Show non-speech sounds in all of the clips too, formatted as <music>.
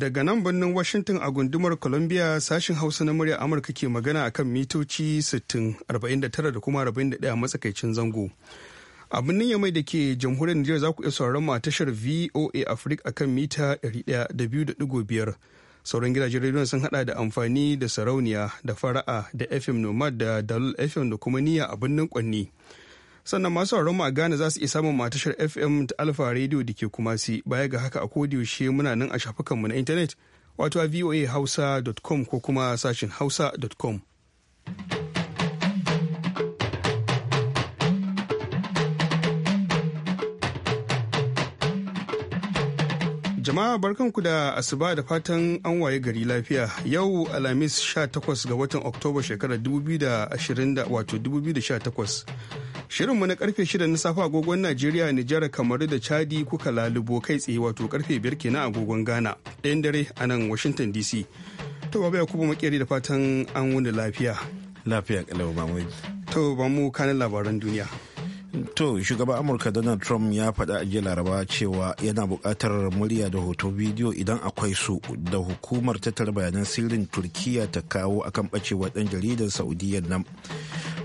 daga nan birnin Washington a gundumar Columbia sashen Hausa na murya Amurka ke magana akan mitoci 60, da kuma 41 a matsakaicin zango. A birnin Yamai da ke jamhuriyar Nijar za ku iya sauraron mu tashar VOA Africa akan mita 100.5. Sauran gidajen rediyon sun hada da amfani da sarauniya da fara'a da FM Nomad da dalul FM da kuma niyya a birnin Kwanni. sannan masu sauraron mu a Ghana za su iya samun matashar FM ta Alfa Radio da ke kuma si baya ga haka a kodiyaushe muna nan a shafukanmu na intanet wato a voahausa.com ko kuma sashin hausa.com. Jama'a barkanku da asuba da fatan an waye gari lafiya yau Alhamis 18 ga watan Oktoba shekarar 2020 wato 2018 Shirinmu na karfe 6 na safe agogon Najeriya, Nijar, Kamaru da Chadi kuka lalubo kai tsaye wato karfe 5 kenan agogon Ghana. Ɗayan dare a nan Washington DC. To babu kuma makeri da fatan an wuni lafiya. Lafiya kalau ba mu. To ba mu kanin labaran duniya. To shugaban Amurka Donald Trump ya faɗa a jiya Laraba cewa yana buƙatar murya da hoto bidiyo idan akwai su da hukumar tattara bayanan sirrin Turkiyya ta kawo akan ɓacewa ɗan jaridar saudiyya nan.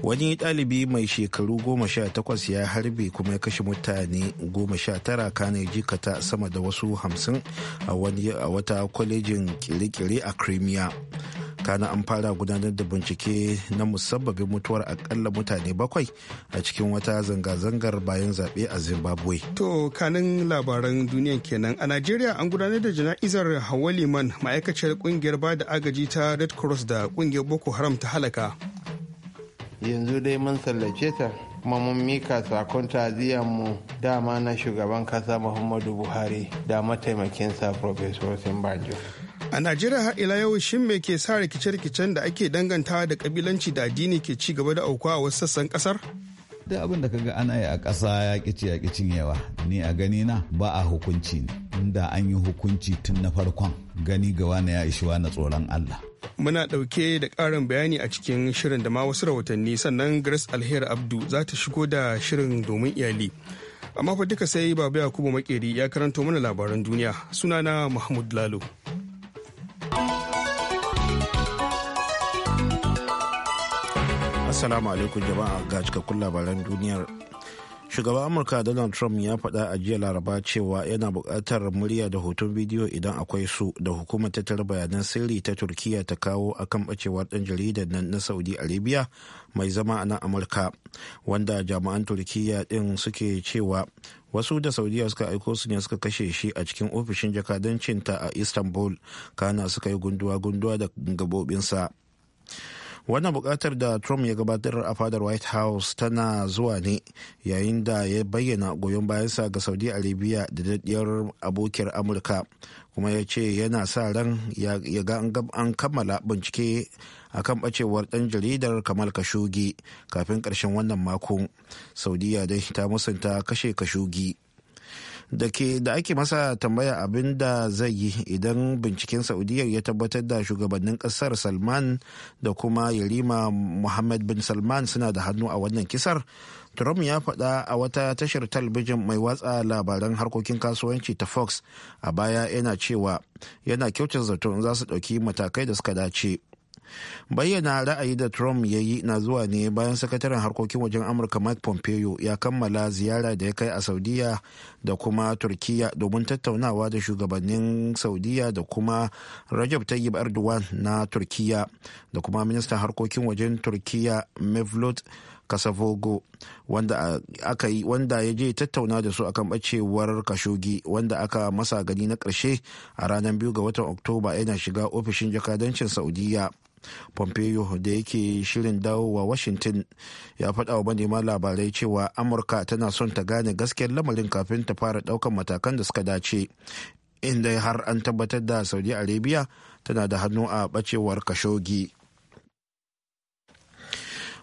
Wani ɗalibi mai shekaru goma sha takwas ya harbe kuma ya kashe mutane goma sha tara kane jikata sama da wasu hamsin a wata kwalejin kire-kire a Crimea. kana an fara gudanar da bincike na musabbabin mutuwar akalla mutane bakwai a cikin wata zanga-zangar bayan zaɓe a zimbabwe to kanin labaran duniya kenan a najeriya an gudanar da jana'izar hawaliman liman ma'aikaciyar kungiyar ba da agaji ta red cross da kungiyar boko haram ta halaka yanzu dai mun sallace ta kuma mun mika sakon mu dama na shugaban kasa muhammadu buhari da mataimakinsa professor simbanjo A Najeriya har ila yau shin me ke sa rikice-rikicen da ake dangantawa da kabilanci da addini ke ci gaba da aukuwa a wasu sassan kasar? Duk abin da kaga ana yi a ƙasa ya ƙici ya yawa, ni a gani na ba a hukunci ne. Inda an yi hukunci tun na farkon gani ga wani ya ishi na tsoron Allah. Muna ɗauke da ƙarin bayani a cikin shirin da ma wasu rahotanni sannan Grace Alher Abdu za ta shigo da shirin domin iyali. Amma fa duka sai Baba Yakubu Makeri ya karanto mana labaran duniya sunana Mahmud Lalo. Assalamu alaikum jama'a ga cikakkun labaran duniyar. Shugaban Amurka Donald Trump ya faɗa a jiya laraba cewa yana buƙatar murya da hoton bidiyo idan akwai su da hukumar tattara bayanan sirri ta Turkiyya ta kawo akan ɓacewar ɗan jaridar nan na Saudi Arabia mai zama a nan Amurka, wanda jami'an Turkiyya ɗin suke cewa wasu da saudiya suka aiko su ne suka kashe shi a cikin ofishin jakadancinta a istanbul kana suka yi gunduwa-gunduwa da gabobinsa wannan bukatar da trump ya gabatar a fadar white house tana zuwa ne yayin da ya bayyana goyon bayansa ga saudi arabia da daddiyar abokiyar amurka kuma ya ce yana sa ran ya ga an kammala bincike akan bacewar ɗan jaridar kamal kashugi kafin ƙarshen wannan mako saudiya dai ta musanta kashe kashugi da ke da ake masa tambaya abin da zai yi idan binciken saudiyar ya tabbatar da shugabannin kasar salman da kuma yarima muhammad bin salman suna da hannu a wannan kisar trump ya faɗa a wata tashar talbijin mai watsa labaran harkokin kasuwanci ta fox a baya yana cewa yana kyautar zato za su ɗauki matakai da suka dace bayyana ra'ayi da trump ya yi na zuwa ne bayan sakataren harkokin wajen amurka mike pompeo ya kammala ziyara da ya kai a saudiya da kuma turkiya domin tattaunawa da shugabannin saudiya da kuma rajab tayyib erdogan na turkiya da kuma ministan harkokin wajen turkiya mevlut kasavogo wanda wanda ya je tattauna da su akan bacewar kashogi wanda aka masa gani na ƙarshe a ranar biyu ga watan oktoba yana shiga ofishin jakadancin saudiya pompeo da yake shirin dawowa washington ya faɗa wa manema labarai cewa amurka tana son ta gane gaskiyar lamarin kafin ta fara ɗaukan matakan da suka dace inda har an tabbatar da saudi arabia tana da hannu a ɓacewar kashogi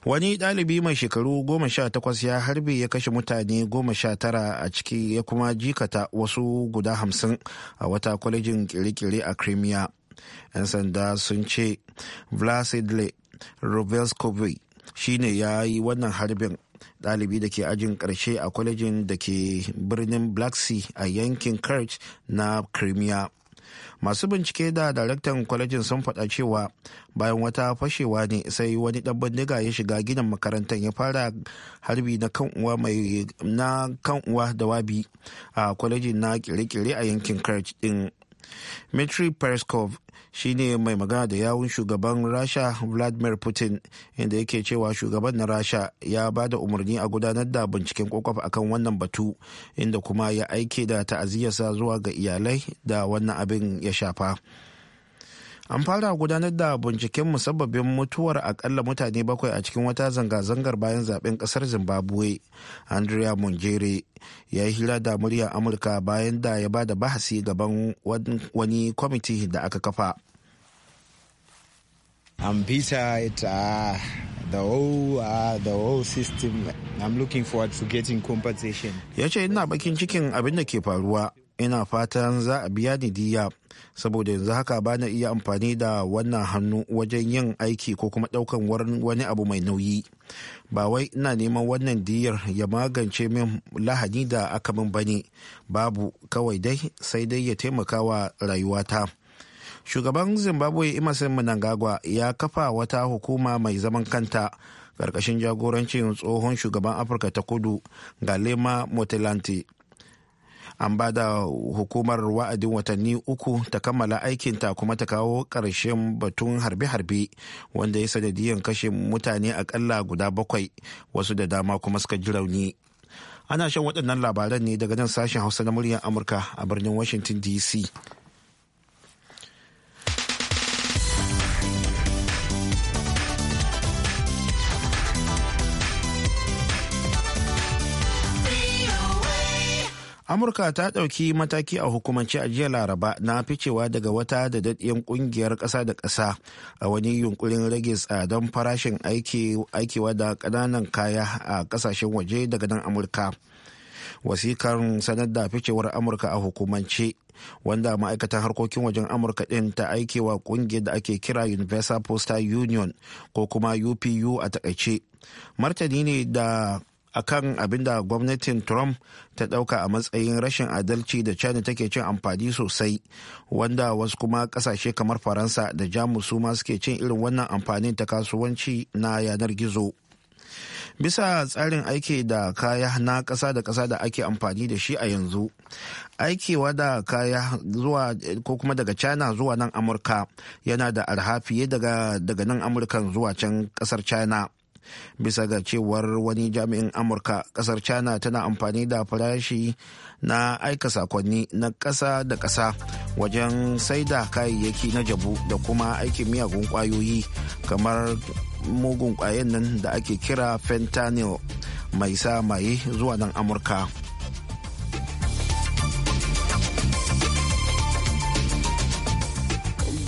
wani ɗalibi mai shekaru goma sha takwas ya harbe ya kashe mutane goma sha tara a ciki ya kuma jikata wasu guda hamsin a wata kwalejin kirikiri a crimea 'yan sanda sun ce vlasidle rubelskovi ne ya yi wannan harbin ɗalibi da ke ajin ƙarshe a kwalejin da ke birnin black sea a yankin kerch na crimea masu bincike da daraktan kwalejin sun faɗa cewa bayan wata fashewa ne sai wani ɗan bindiga ya shiga gidan makarantar ya fara harbi na kan uwa mai na kan uwa da wabi a kwalejin na kire-kire a yankin kerch din Mitri Perskov shine mai magana da yawun shugaban rasha vladimir putin inda yake cewa shugaban na rasha ya ba da umarni a gudanar da binciken kwakwaf akan wannan batu inda kuma ya aike da ta'aziyarsa zuwa ga iyalai da wannan abin ya shafa. an fara gudanar da binciken musabbabin mutuwar akalla mutane bakwai a cikin wata zanga-zangar bayan zaben kasar zimbabwe andrea mongere ya yi hira da muryar amurka bayan da ya ba da bahasi gaban wani kwamiti da aka kafa I'm bitter at uh, the whole uh, Ya ce ina bakin cikin abin da ke faruwa. ina fatan za a biya ni diya saboda yanzu haka ba na iya amfani da wannan hannu wajen yin aiki ko kuma daukan wani abu mai nauyi ba wai ina neman wannan diyar ya magance min lahani da aka min bane babu kawai dai sai dai ya taimaka wa rayuwata shugaban zimbabwe emerson mnangagwa ya kafa wata hukuma mai zaman kanta karkashin jagorancin tsohon shugaban afirka ta kudu galema motilanti an ba da hukumar wa'adin watanni uku ta kammala aikinta kuma ta kawo ƙarshen batun harbe-harbe wanda ya sanadiyan kashe mutane akalla guda bakwai wasu da dama kuma suka ji rauni ana shan waɗannan labaran ne daga nan sashen hausa na muryar amurka a birnin washington dc amurka ta ɗauki mataki a hukumance a jiya laraba na ficewa daga wata da daɗiyar ƙungiyar ƙasa da ƙasa a wani yunkurin rage tsadan farashin aikewa da kananan kaya a ƙasashen waje daga nan amurka wasikar sanar da ficewar amurka a hukumance wanda ma'aikatan harkokin wajen amurka ɗin ta aikewa ƙungiyar da ake kira universal postal union ko kuma upu a takaice martani ne da akan abin da gwamnatin trump ta dauka a matsayin rashin adalci da china take cin amfani sosai wanda wasu kuma kasashe kamar faransa da jamus su ma suke cin irin wannan amfanin ta kasuwanci na yanar gizo bisa tsarin aiki da kaya na kasa da kasa da ake amfani da shi a yanzu aikewa da kaya zuwa ko kuma daga china zuwa nan amurka yana da arha fiye daga nan amurkan zuwa can kasar china bisa ga cewar wani jami'in amurka kasar china tana amfani da farashi na aika sakonni na ƙasa da ƙasa wajen saida kayayyaki na jabu da kuma aikin miyagun ƙwayoyi kamar mugun ƙwayen nan da ake kira fentanyl mai sa maye zuwa nan amurka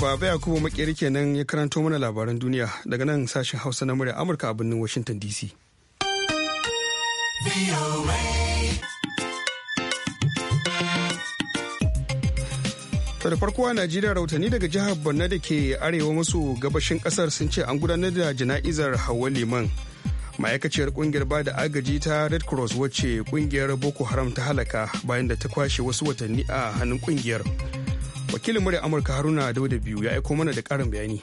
Baba Yakubu Makeri kenan ya karanto mana labaran duniya daga nan sashen Hausa na murya Amurka a birnin Washington DC. da farko a Najeriya rautani daga jihar Borno da ke arewa maso gabashin kasar sun ce an gudanar da jana'izar hawa Liman. ma'aikaciyar kungiyar ba da agaji ta red cross wacce kungiyar boko haram ta halaka bayan da ta kwashe wasu watanni a hannun kungiyar wakilin murya amurka haruna dauda biyu ya aiko mana da karin bayani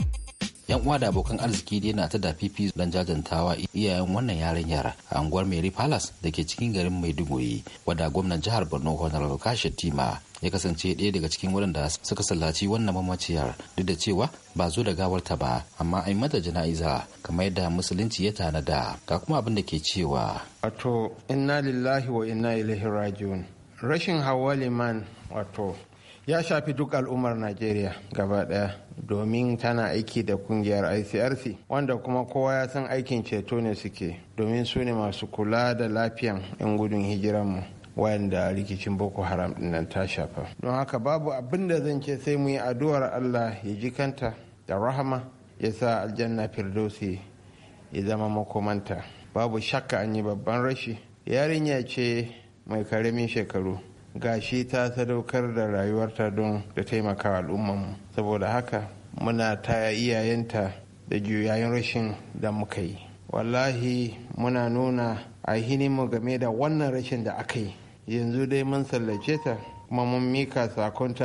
yan uwa da abokan arziki dai na ta da fifi don jajantawa iyayen wannan yara a unguwar mary palace da ke cikin garin maiduguri wadda gwamnan jihar borno honorable kashi tima ya kasance ɗaya daga cikin waɗanda suka sallaci wannan mamaciyar duk da cewa ba zo da gawarta ba amma ai mata jana'iza kamar yadda musulunci ya tanada ga kuma abin da ke cewa wato inna lillahi wa inna ilaihi rajiun rashin hawa liman wato ya shafi duk al'ummar najeriya gaba daya domin tana aiki da kungiyar icrc wanda kuma kowa ya san aikin ceto ne suke domin su ne masu kula da lafiyan 'yan gudun hijiranmu wanda rikicin boko haram nan ta shafa don haka babu abin da zan ce sai mu yi addu'ar allah ya ji kanta da rahama ya sa aljanna firdausi ya zama makomanta babu shakka an yi babban rashi yarinya ce mai karamin shekaru gashi ta sadaukar da rayuwarta don da taimaka al'ummanmu saboda haka muna ta iyayenta da juyayen rashin da muka yi wallahi muna nuna a mu game da wannan rashin da aka yi yanzu dai mun sallace ta kuma mun mika sakon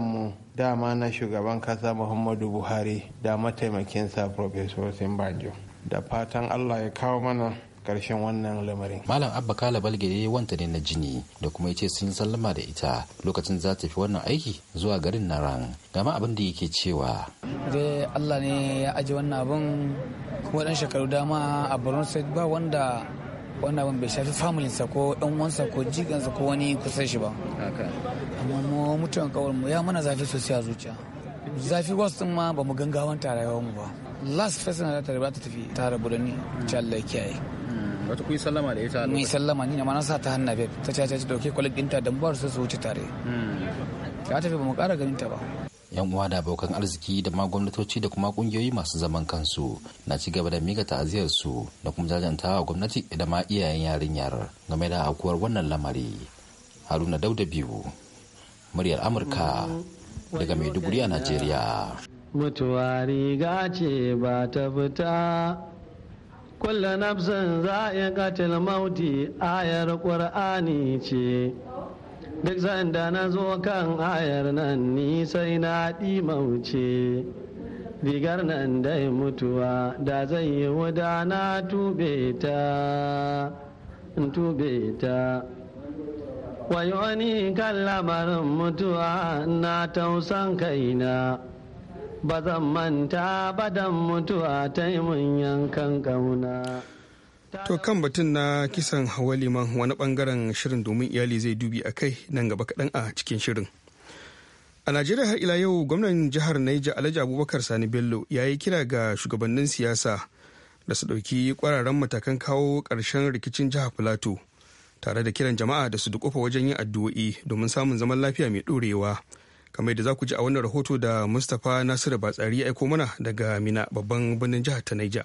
mu dama na shugaban kasa muhammadu buhari da mataimakinsa professor simbanjo da fatan allah ya kawo mana karshen wannan lamarin. Malam Abba Kala Balge ya yi wanta ne na jini da kuma ya ce sun yi sallama da ita lokacin za ta fi wannan aiki zuwa garin Naran. Gama abin da yake cewa. Dai Allah ne ya aji wannan abin kuma dan shekaru dama a Borno State ba wanda wannan abin bai shafi familinsa ko ɗan uwansa ko jikinsa ko wani kusan shi ba. Amma mu mutuwan kawar mu ya mana zafi sosai a zuciya. Zafi wasu ma ba mu gangawan tarayawar mu ba. Last person da ta tafi ta rabu da ni, kiyaye. wata kun sallama da ita mun sallama ni ma na sa ta hanna ta caca ta dauke kwalik dinta dan ba su su wuce tare hmm. ta tafi ba mu kara ganin ta ba yan uwa da abokan arziki da ma gwamnatoci da kuma kungiyoyi masu zaman kansu na ci gaba da miga ta'aziyar su da kuma jajantawa gwamnati da ma iyayen yarinyar game da aukuwar wannan lamari haruna dauda biyu muryar amurka daga maiduguri a najeriya mutuwa riga ce ba ta fita kulle nafsin za'iqatil mauti ayar qur'ani ce duk sanda na zo kan ayar nan ni sai na mauce rigar nan dai mutuwa da zai yi wuda na tube ta tube ta wani kan lamarin mutuwa na tausan kaina ba zan manta ba dan mutuwa ta yi mun yankan kauna. To kan batun na kisan hawa liman wani bangaren shirin domin iyali zai dubi a kai nan gaba kaɗan a cikin shirin. A Najeriya har ila yau gwamnan jihar Naija Alhaji Abubakar Sani Bello ya yi kira ga shugabannin siyasa da su ɗauki ƙwararren matakan kawo ƙarshen rikicin jihar Filato tare da kiran jama'a da su dukufa wajen yin addu'o'i domin samun zaman lafiya mai ɗorewa. kamar yadda za ku ji a wannan rahoto da mustapha nasiru batsari ya aiko mana daga mina babban birnin jihar ta naija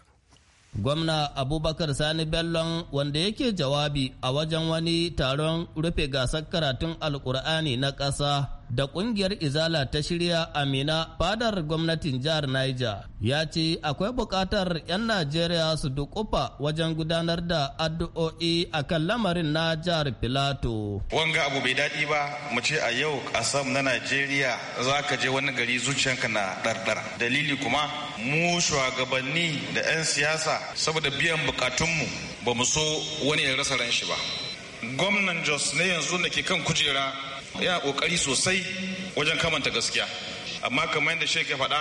gwamna abubakar sani bellon wanda yake jawabi a wajen wani taron rufe gasar karatun alkur'ani na ƙasa da kungiyar Izala ta shirya Amina fadar gwamnatin jihar Niger ya ce akwai bukatar 'yan Najeriya su dukufa wajen gudanar da addu'o'i a kan lamarin na jihar Filato. Wanga abu bai daɗi ba mu ce a yau ƙasar na Najeriya za ka je wani gari zuciyanka na ɗarɗar. Dalili kuma mu shugabanni da 'yan siyasa saboda biyan bukatunmu ba mu so wani ya rasa ran shi ba. Gwamnan Jos ne yanzu da ke kan kujera ya kokari sosai wajen kamanta gaskiya amma kamar yadda shek ya faɗa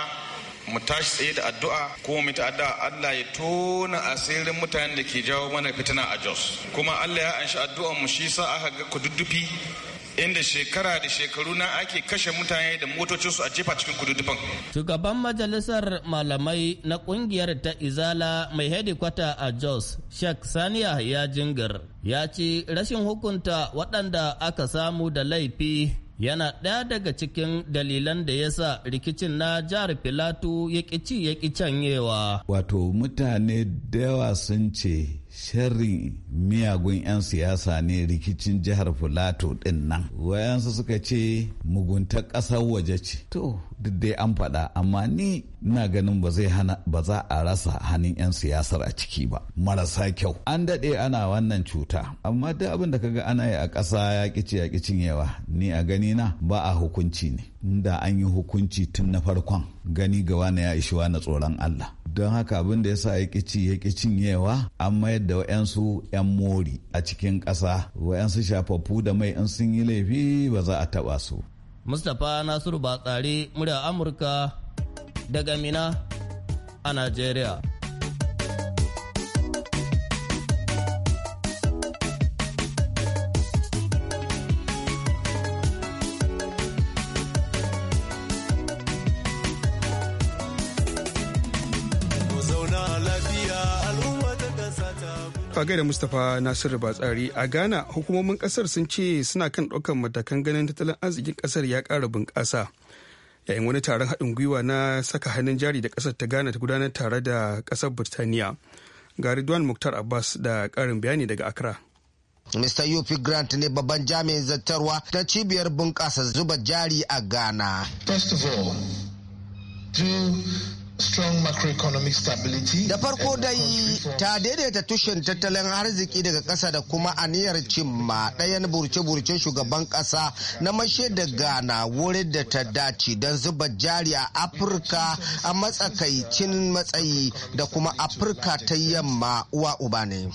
mu tashi tsaye da addu'a ko mu ta'adda Allah ya tona asirin mutanen da ke jawo mana fitina a Jos kuma Allah ya anshi addu'ar mu shi sa aka ga kududdufi inda shekara da shekaru na ake kashe mutane da motocinsu a jefa cikin kududdufan. Shugaban majalisar malamai na kungiyar ta Izala mai hedikwata a Jos, Sheikh Saniya ya jingir, ya ce rashin hukunta waɗanda aka samu da laifi yana ɗaya daga cikin dalilan da ya sa rikicin na jihar Filatu ya ƙi ci ya ƙi canyewa. Wato mutane da yawa sun ce sharrin miyagun 'yan siyasa ne rikicin jihar fulato din nan wayansu suka ce mugunta ƙasar waje ce to duk dai an faɗa amma ni ina ganin ba zai za a rasa hannun 'yan siyasar a ciki ba marasa kyau an daɗe ana wannan cuta amma duk abin da kaga ana yi a ƙasa ya ƙici ya ƙi yawa ni a gani na ba a hukunci ne da an yi hukunci tun na farkon gani ga wani ya ishi na tsoron Allah. Don haka abin da ya sa ya ƙici ya ƙi cinyewa an mayar da wa'yansu 'yan mori a cikin ƙasa wa'yansu shafaffu da mai in sun yi laifi ba za a taɓa su. Mustapha Nasiru Batsari murya Amurka daga Mina a Najeriya. a gaida Mustapha Nasiru Batsari a Ghana hukumomin kasar sun ce suna kan ɗaukar matakan ganin tattalin arzikin kasar ya ƙara bunƙasa. Yayin wani taron haɗin gwiwa na saka hannun jari da kasar ta Ghana ta gudanar tare da kasar Birtaniya. Ga Ridwan Muktar Abbas da ƙarin bayani daga Accra. Mr. UP Grant ne babban jami'in zartarwa ta cibiyar bunƙasa zuba jari a Ghana. First of all, da farko dai ta daidaita tushen tattalin arziki daga ƙasa da kuma aniyar cimma ɗayan burce burce shugaban ƙasa na mashe da ghana wurin da ta dace don zuba jari a afirka a matsakaicin matsayi da kuma afirka ta yamma uwa uba ne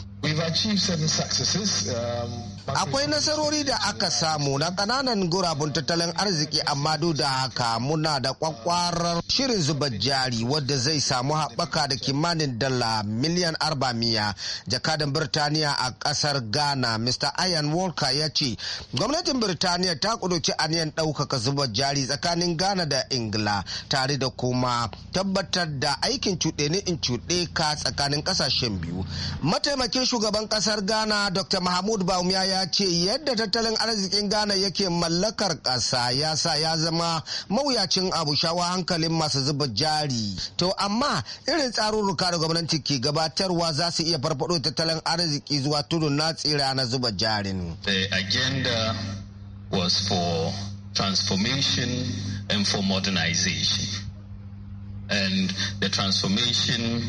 akwai nasarori da aka samu na kananan gurabun tattalin arziki amma duk da haka muna da kwakwarar shirin zuba jari wadda zai samu haɓaka da kimanin dala miliyan arba'miya jakadan birtaniya a ƙasar ghana mr ian walker ya ce gwamnatin birtaniya ta kuduci aniyan ɗaukaka zuba jari tsakanin ghana da ingila tare da kuma tabbatar da aikin cuɗe ni in cuɗe ka tsakanin ƙasashen biyu mataimakin shugaban ƙasar ghana dr mahmud baumia ya ya ce yadda tattalin arzikin ghana yake mallakar ƙasa ya sa ya zama mawuyacin abu shawa hankalin masu zuba jari to amma irin tsarurruka da gwamnati ke gabatarwa za su iya farfado tattalin arziki zuwa tudu na tsira na zuba jarin the agenda was for transformation and for modernization and the transformation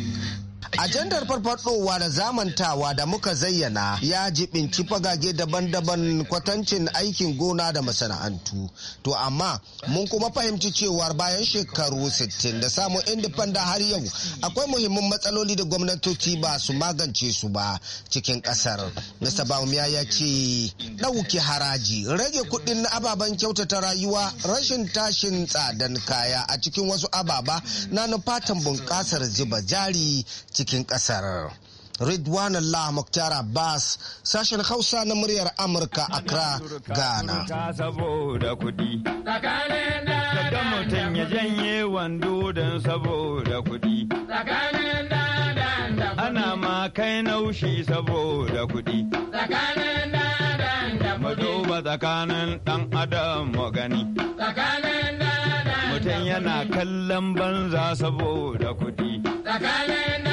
Ajandar farfadowa da zamantawa da muka zayyana ya jibinci fagage daban-daban kwatancin aikin gona da masana'antu. To amma mun kuma fahimci cewar bayan shekaru 60 da samun indifenda har yau akwai muhimmin matsaloli da gwamnatoci ba su magance su ba cikin kasar. Mr. Baum ya ce ɗauki haraji, rage kuɗin na ababen kyautata rayuwa, rashin tashin tsadan kaya a cikin wasu ababa na nufatan bunƙasar zuba jari cikin ƙasar. Ridwan Allah Mukhtar Abbas sashen Hausa na muryar Amurka Accra Ghana. saboda ya janye wando Ana ma kai naushi saboda kuɗi. Mu tsakanin ɗan adam mu gani. Mutum yana kallon banza saboda kuɗi.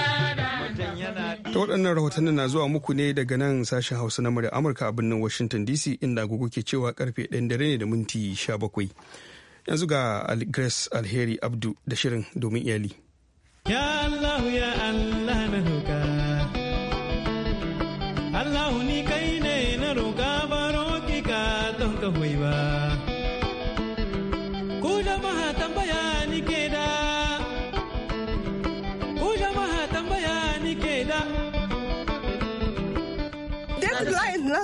ta waɗannan rahotannin na zuwa muku ne daga nan sashen hausa na murya amurka a birnin washington dc inda gugu ke cewa karfe ɗan dare ne da minti 17 yanzu ga grace alheri abdu da shirin domin iyali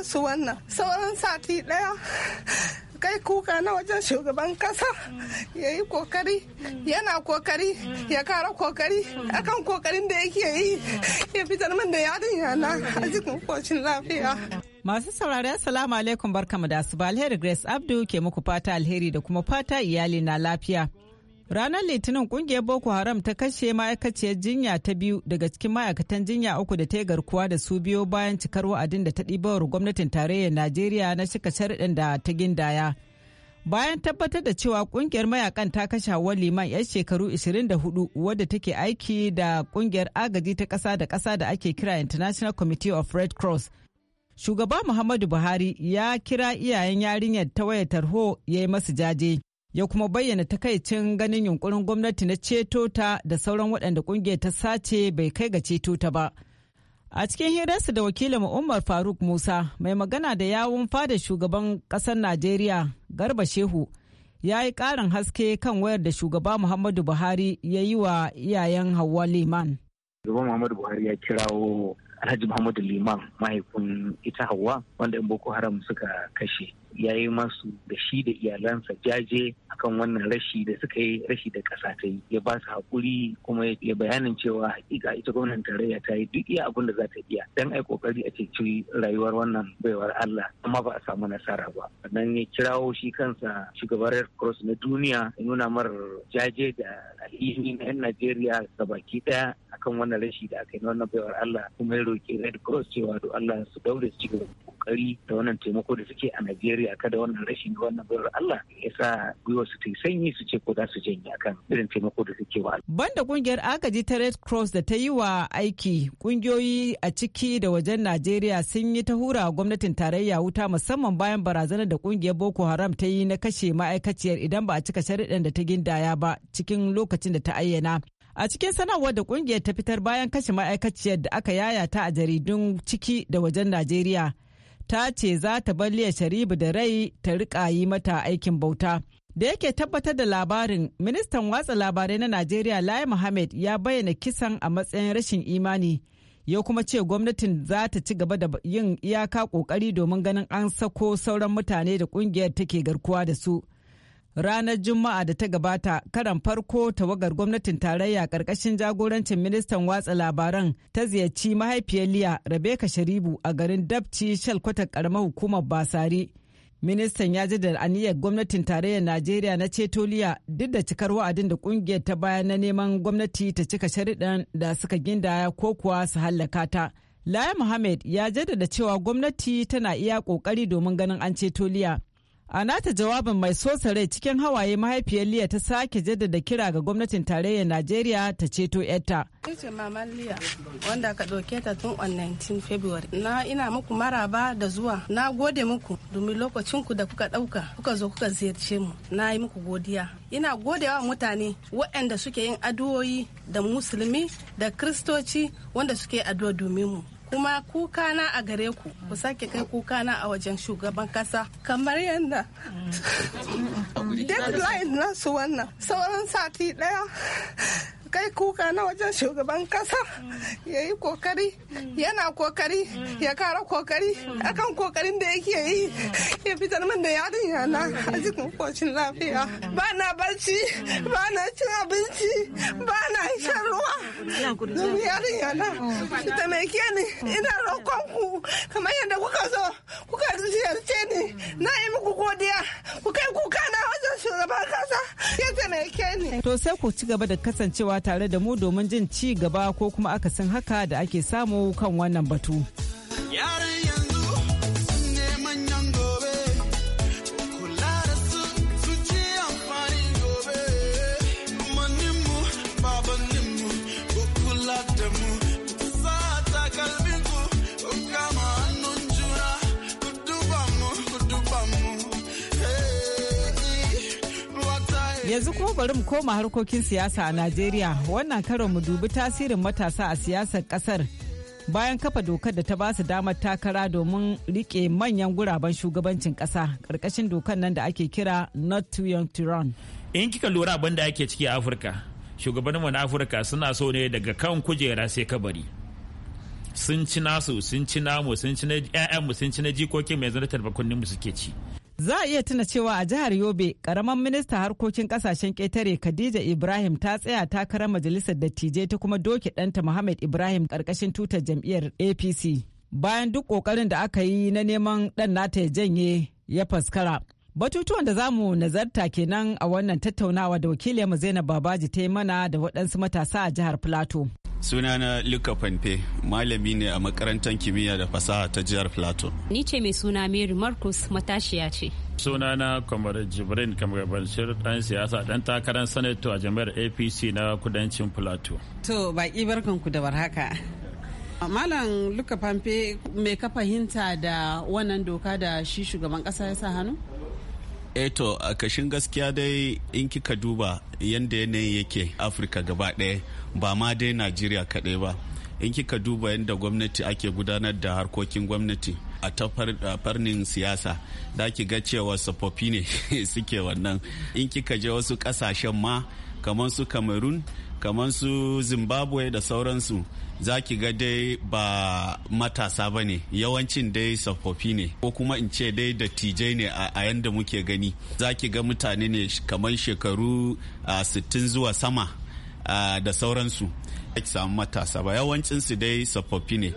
su wannan sauran sati ɗaya kai kuka na wajen shugaban kasa ya yi kokari yana kokari ya kara kokari akan kokarin da yake yi ya fitar min da yadin yana a cikin kocin lafiya Masu saurari Assalamu alaikum barkamu da ba alheri Grace Abdu ke muku fata alheri da kuma fata iyali na lafiya. Ranar Litinin kungiyar Boko Haram ta kashe ma'aikaciyar jinya ta biyu daga cikin ma'aikatan jinya uku da ta yi garkuwa da su biyo bayan cikar wa'adin da ta ɗibawar gwamnatin tarayyar Najeriya na shika sharaɗin da ta gindaya. Bayan tabbatar da cewa kungiyar mayakan ta kashe hawa Liman 'yar shekaru 24 wadda take aiki da kungiyar agaji ta ƙasa da ƙasa da ake kira International Committee of Red Cross. Shugaba Muhammadu Buhari ya kira iyayen yarinyar ta wayar tarho ya yi masu jaje. ya kuma bayyana takaicin ganin yunkurin gwamnati na ceto ta da sauran waɗanda ƙungiyar ta sace bai kai ga ceto ta ba. A cikin hirarsa da wakilin Umar Faruk Musa mai magana da yawun fada shugaban ƙasar Najeriya Garba Shehu ya yi ƙarin haske kan wayar da shugaba Muhammadu Buhari ya yi wa iyayen hawa Liman. shugaban Muhammadu Buhari ya kirawo Alhaji Muhammadu Liman mahaifin ita Hauwa wanda in Boko Haram suka kashe. ya yi masu da shi da iyalansa jaje akan wannan rashi da suka yi rashi da ƙasa ta yi ya ba su haƙuri kuma ya bayanin cewa hakika ita gwamnatin tarayya ta yi duk iya abin da za ta iya dan ai kokari a ceci rayuwar wannan baiwar Allah amma ba a samu nasara ba sannan ya kirawo shi kansa shugaban Red Cross na duniya ya nuna mar jaje da alhini na 'yan Najeriya baki daya akan wannan rashi da aka yi na wannan baiwar Allah kuma ya roki Red Cross cewa do Allah su daure su ci gaba kokari da wannan taimako da suke a Najeriya shirya a da wannan rashin wannan bayar Allah ya sa gwiwar su ta sanyi su ce ko za su janye akan irin taimako da suke wa. Banda ƙungiyar agaji ta Red Cross da ta yi wa aiki ƙungiyoyi a ciki da wajen Najeriya sun yi ta hura gwamnatin tarayya wuta musamman bayan barazanar da kungiyar Boko Haram ta yi na kashe ma'aikaciyar idan ba a cika sharidan da ta gindaya ba cikin lokacin da ta ayyana. A cikin sanarwar da kungiyar ta fitar bayan kashe ma'aikaciyar da aka yayata a jaridun ciki da wajen Najeriya. ta ce za ta bar sharibu da rai ta riƙa yi mata aikin bauta. Da yake tabbatar da labarin, ministan watsa labarai na Najeriya Lai Muhammad ya bayyana kisan a matsayin rashin imani, ya kuma ce gwamnatin za ta ci gaba da yin iyaka ƙoƙari domin ganin an sako sauran mutane da ƙungiyar take garkuwa da su. ranar Juma'a da ta gabata karan farko tawagar gwamnatin tarayya karkashin jagorancin ministan watsa labaran ta ziyarci mahaifiyar Liya Rebecca Sharibu a garin Dabci shalkwatar karamar hukumar Basari. Ministan ya ji da aniyar gwamnatin tarayyar Najeriya na ceto Liya duk da cikar wa'adin da kungiyar ta baya na neman gwamnati ta cika sharidan da suka gindaya ko kuwa su hallaka ta. Laya Muhammad ya jaddada cewa gwamnati tana iya kokari domin ganin an ceto Liya. A nata jawabin mai sosa rai cikin hawaye mahaifiyar Liya ta sake jaddada kira ga gwamnatin tarayyar Najeriya ta ceto yarta. ce Maman Liya wanda ka ɗauke ta tun on 19 February. Na ina muku maraba da zuwa. Na gode muku domin lokacin ku da kuka ɗauka kuka zo kuka ziyarce mu. Na yi muku godiya. Ina gode wa mutane waɗanda suke yin addu'o'i da musulmi da kristoci wanda suke addu'a domin mu. kuma kukana a gare ku ku sake kai kukana a wajen shugaban kasa kamar yadda deadline nasu wannan sauran sati daya kai kuka na wajen shugaban kasa ya yi kokari yana kokari ya kara kokari akan kokarin da yake yi ya fitar min da yarin yana a cikin kocin lafiya ba na barci ba na cin abinci ba yarinya na taimake ni ina roƙon ku kamar yadda kuka zo kuka ziyarce ni na yi muku godiya ku kai kuka na wajen shugaban kasa ya ke ni. To sai ku ci gaba da kasancewa tare da mu domin jin ci gaba ko kuma akasin haka da ake samu kan wannan batu. Yarinya Yanzu kuma bari mu koma harkokin siyasa a Najeriya wannan karon mu dubi tasirin matasa a siyasar kasar bayan kafa dokar da ta ba su damar takara domin rike manyan guraben shugabancin kasa karkashin dokar nan da ake kira not too young to run. In kika lura abin da ake ciki a Afirka shugabannin na Afirka suna so ne daga kan kujera sai kabari. Sun ci nasu sun ci namu sun ci na 'ya'yanmu sun ci na jikokin mai zanatar bakunninmu suke ci. Za a iya tuna cewa a jihar Yobe, karamar minista harkokin ƙasashen ƙetare Khadija Ibrahim ta tsaya takarar majalisar dattijai ta kuma doke ɗanta Muhammad Ibrahim ƙarƙashin tutar jam'iyyar APC. Bayan duk ƙoƙarin da aka yi na neman ɗan nata ya janye ya faskara. Batutuwan da za mu nazarta kenan a wannan tattaunawa da wakiliyarmu Zainab Babaji ta yi mana da waɗansu matasa a jihar Plateau. sunana luka fanfe malami ne a makarantar kimiyya da fasaha ta jihar plateau ni ce mai suna mary marcus matashiya ce sunana kamar jibrin kamar dan siyasa dan takarar sanato a jami'ar apc na kudancin plateau to baki barkanku da warhaka malam luka fanfe me ka fahimta da wannan doka da shi shugaban kasa ya sa hannu eto eh a kashin gaskiya dai in kika duba yadda yanayin yake afirka gaba ɗaya ba ma dai najeriya kaɗai ba in kika duba yadda gwamnati ake gudanar da harkokin gwamnati a ta farnin siyasa da ki ga cewa tsofaffi ne <laughs> suke wannan in kika je wasu kasashen ma kamar su cameroon kamar su zimbabwe da sauransu za ki ga dai ba matasa ba ne yawancin dai tsofaffi ne ko kuma in ce dai dattijai ne a yanda muke gani za ki ga mutane ne kamar shekaru sittin zuwa sama da sauransu ake samu matasa ba yawancinsu dai tsofaffi ne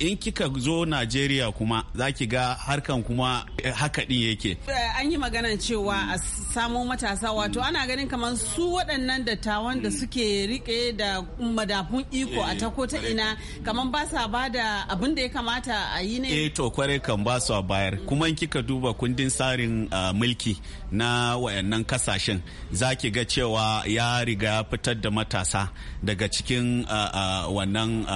in kika zo najeriya kuma za ki ga harkan kuma eh, haka din yake eh, an yi magana cewa a samo matasa wato ana ganin kamar su waɗannan dattawan da mm. suke rike da madafun iko a eh, tako ta ina kamar ba sa ba da abin da ya kamata a yi ne eh kware kan ba su a bayar kuma in kika duba kundin tsarin ah, mulki na wayannan kasashen za ki ga cewa ya riga fitar da matasa daga cikin ah, ah, wannan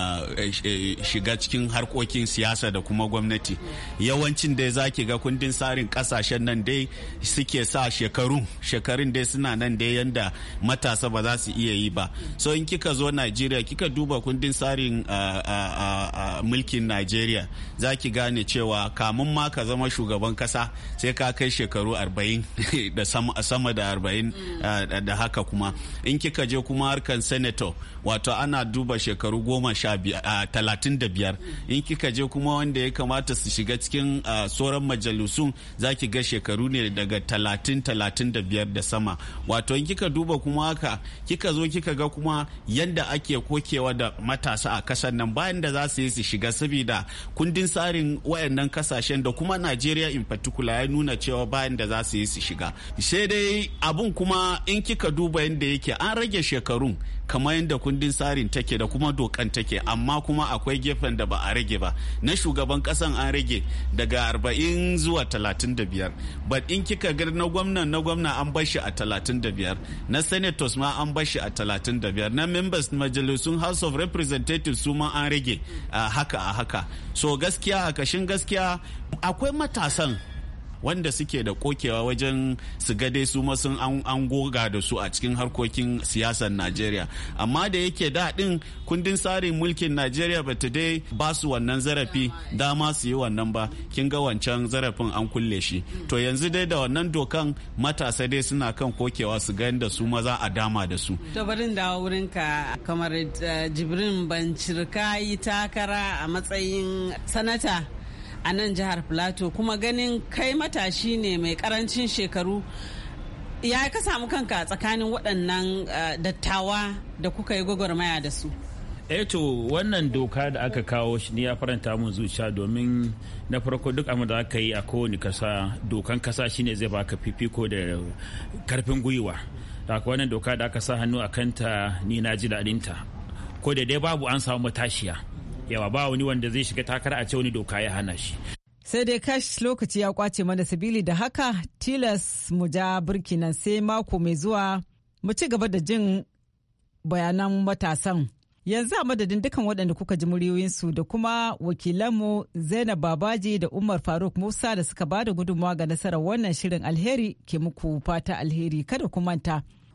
shiga cikin harkokin siyasa da kuma gwamnati yawancin dai za ki ga kundin tsarin kasashen nan dai suke sa shekaru shekarun dai suna nan dai yanda matasa ba za su iya yi ba so in kika zo najeriya kika duba kundin tsarin mulkin nigeria za ki gane cewa kamun ma ka zama shugaban kasa sai ka kai shekaru 40 <laughs> da sama da 40 da haka kuma in kika je kuma harkar senator wato ana duba shekaru goma sha talatin da biyar in kika je kuma wanda ya kamata su shiga cikin sauran majalisun za ki ga shekaru ne daga talatin talatin da biyar da sama wato in kika duba kuma haka kika zo kika ga kuma yadda ake kokewa da matasa a kasar nan bayan da za su yi su shiga saboda kundin tsarin wayannan kasashen da kuma najeriya in particular ya nuna cewa bayan da za su yi su shiga sai dai abun kuma in kika duba yadda yake an rage shekarun kamar yadda kundin tsarin take da kuma dokan take amma kuma akwai gefen da ba a rage ba na shugaban kasan an rage daga 40 zuwa 35 ba in kika ga na gwamnan na gwamna an bar shi a 35 na senators ma an bar shi a 35 na members majalisun house of representatives su ma an rage haka a haka so gaskiya a gaskiya akwai matasan wanda suke da kokewa wajen su ga dai su ma sun an goga da su a cikin harkokin siyasar najeriya amma da yake da din kundin tsarin mulkin najeriya ba ta dai ba su wannan zarafi dama su yi wannan ba kin ga wancan zarafin an kulle shi to yanzu dai da wannan dokan matasa dai suna kan kokewa su ga da su maza a dama da su to barin dawo wurinka kamar eh, jibrin bancirka yi takara a matsayin sanata a nan jihar plateau kuma ganin kai matashi ne mai karancin shekaru ya ka samu kanka tsakanin waɗannan uh, dattawa da kuka yi gwagwarmaya da su eto eh wannan doka da aka kawo shi ne ya faranta mun zuciya domin na farko duk abin da aka yi a kowane kasa dokan kasa shine zai baka fifiko da karfin gwiwa da wannan doka da aka sa hannu a kanta ni na ji daɗinta ko da dai babu an samu matashiya yawa ba wani wanda zai shiga takara a ce wani doka ya hana shi sai dai kash lokaci ya kwace mana sabili da haka tilas mu ja birki nan sai mako mai zuwa mu ci gaba da jin bayanan matasan yanzu a madadin dukan waɗanda kuka ji muryoyinsu da kuma wakilanmu zainab babaji da umar faruk musa da suka ba da gudunmawa ga nasarar wannan shirin alheri ke muku fata alheri kada ku manta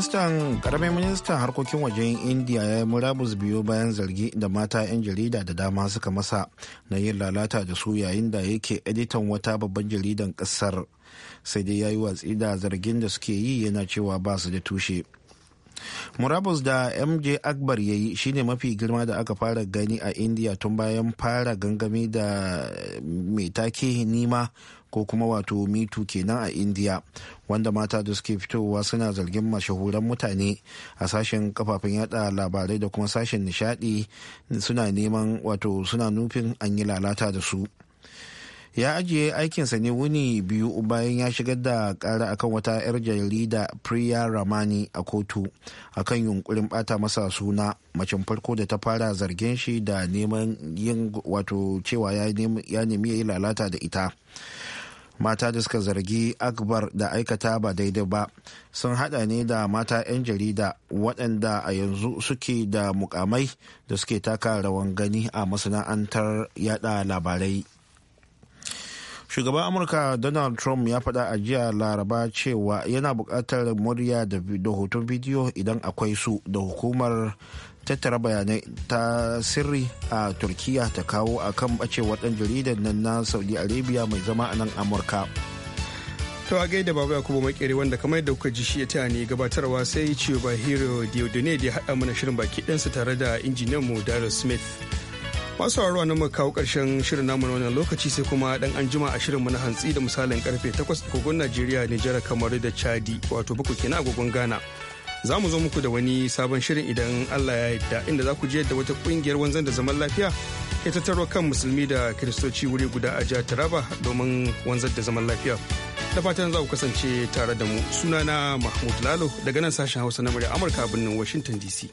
ministan karamin ministan harkokin wajen india ya yi murabus biyu bayan zargi da mata 'yan jarida da dama suka masa na yin lalata da su yayin da yake editan wata babban jaridan kasar sai dai ya yi watsi da zargin da suke yi yana cewa ba su da tushe murabus da mj akbar ya yi shine mafi girma da aka fara gani a india tun bayan fara gangami da mai take nima ko kuma wato mitu kenan a indiya wanda mata da suke fitowa suna zargin mashahuran mutane a sashen kafafen yada labarai da kuma sashen nishadi suna neman wato suna nufin an yi lalata da su ya ajiye aikinsa ne wuni biyu bayan ya shigar da kara akan wata 'yar jarida priya ramani a kotu akan yunkurin bata masa suna macin farko da ta fara zargin shi da neman yin wato cewa ya nemi ya yi lalata da ita mata da suka zargi akbar da aikata ba daidai ba sun hada ne da mata 'yan jarida waɗanda a yanzu suke da mukamai da suke taka rawan gani a masana'antar yada labarai shugaban amurka donald trump ya faɗa a jiya laraba cewa yana bukatar murya da hoton bidiyo idan akwai su da hukumar tattara bayanai ta sirri a turkiya ta kawo a kan ɓacewar ɗan jaridan nan na saudi arabia mai zama a nan amurka ta da gaida baba yakubu makere wanda kamar yadda kuka ji shi ya ta ne gabatarwa sai ciwo ba hero diodone da ya haɗa mana shirin baki ɗansa tare da injiniyan mu darren smith masu sauraro na muka kawo karshen shirin namu na wannan lokaci sai kuma dan an jima a shirin mu na hantsi da misalin karfe 8 agogon Najeriya Nijar kamar da Chadi wato bakwai kenan agogon Ghana za mu zo muku da wani sabon shirin idan Allah ya yarda inda za ku je da wata kungiyar wanzan da zaman lafiya ke tattaro kan musulmi da kiristoci wuri guda a jihar Taraba domin wanzar da zaman lafiya da fatan za ku kasance tare da mu sunana Mahmud Lalo daga nan sashen Hausa na murya Amurka birnin Washington DC